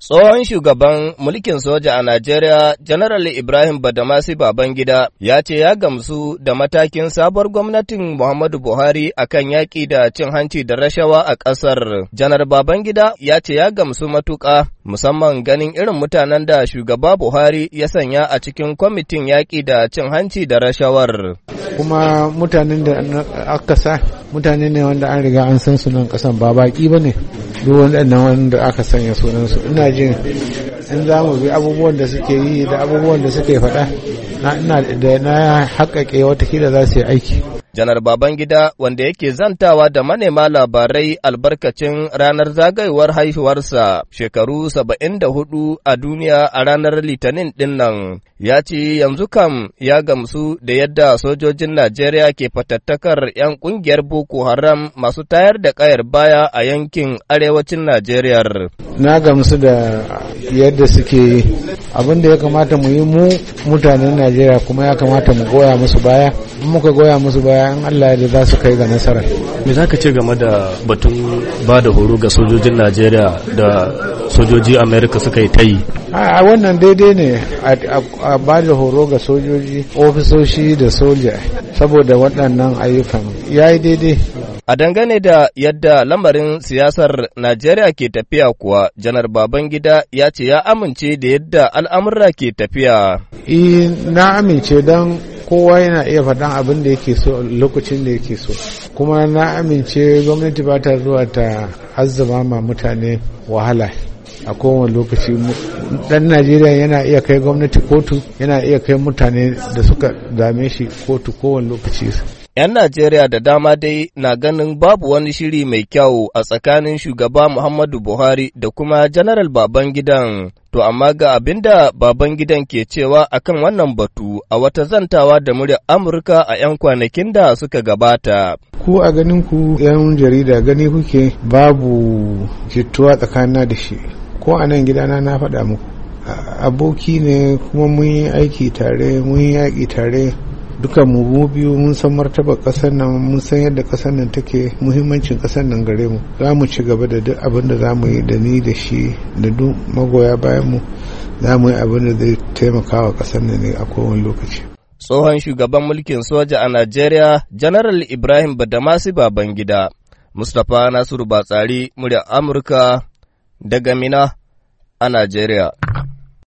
Tsohon shugaban mulkin soja a Najeriya, Janaral Ibrahim Badamasi Babangida, ya ce ya gamsu da matakin sabuwar gwamnatin Muhammadu Buhari a kan yaƙi da cin hanci da rashawa a ƙasar. Janar Babangida ya ce ya gamsu matuƙa, musamman ganin irin mutanen da shugaba Buhari ya sanya a cikin kwamitin yaƙi da cin hanci da rashawar. Kuma mutanen da aka sa mutane ne wanda an riga an san sunan kasan ba baki ba ne duk waɗannan wanda aka sanya sunansu ina jin in za mu bi abubuwan da suke yi da abubuwan da suke faɗa na ina da haƙaƙe kila za su yi aiki Janar Babangida wanda yake zantawa da manema labarai albarkacin ranar zagayowar haihuwarsa shekaru saba'in da hudu a duniya a ranar Litinin dinnan, ya ce yanzu kam ya gamsu da yadda sojojin Najeriya ke fatattakar 'yan ƙungiyar Boko Haram masu tayar da ƙayar baya a yankin arewacin Najeriya. Na gamsu da yadda suke abin da ya kamata mu yi mu mutanen Najeriya kuma ya kamata mu goya musu baya, muka goya musu baya bayan Allah ya za su kai ga nasarar. Me za ka ce game da batun ba da horo ga sojojin Najeriya da sojoji Amerika suka yi ta yi? A wannan daidai ne a ba da horo ga sojoji, ofisoshi da soja saboda waɗannan ayyukan ya yi daidai. A dangane da yadda lamarin siyasar Najeriya ke tafiya kuwa, Janar Babangida ya ce ya amince da yadda al'amurra ke tafiya. na amince don kowa yana iya faɗan abin da yake so lokacin da yake so kuma na amince gwamnati ba ta zuwa ta azzama ma mutane wahala a kowane lokaci dan najeriya yana iya kai gwamnati kotu yana iya kai mutane da suka dame shi kotu kowane lokaci ‘Yan Najeriya da dama dai na ganin babu wani shiri mai kyau a tsakanin shugaba Muhammadu Buhari da kuma Janaral Babangidan. To amma ga abin da Babangidan ke cewa akan wannan batu a wata zantawa da muryar Amurka a 'yan kwanakin da suka gabata. Ku a ganin ku 'yan jarida gani kuke babu jituwa tsakanin da shi. Ko a nan gidana na faɗa muku. Aboki ne kuma mun yi aiki tare, mun yi yaƙi tare. duka mu biyu mun san martaba kasar nan mun san yadda kasar nan take muhimmancin kasar nan gare mu za mu ci gaba da duk abin da za mu yi da ni da shi da duk magoya bayan mu za mu yi abin da zai taimaka wa kasar nan ne a kowane lokaci tsohon shugaban mulkin soja a najeriya janaral ibrahim badamasi babangida mustapha nasiru batsari murya amurka daga mina a najeriya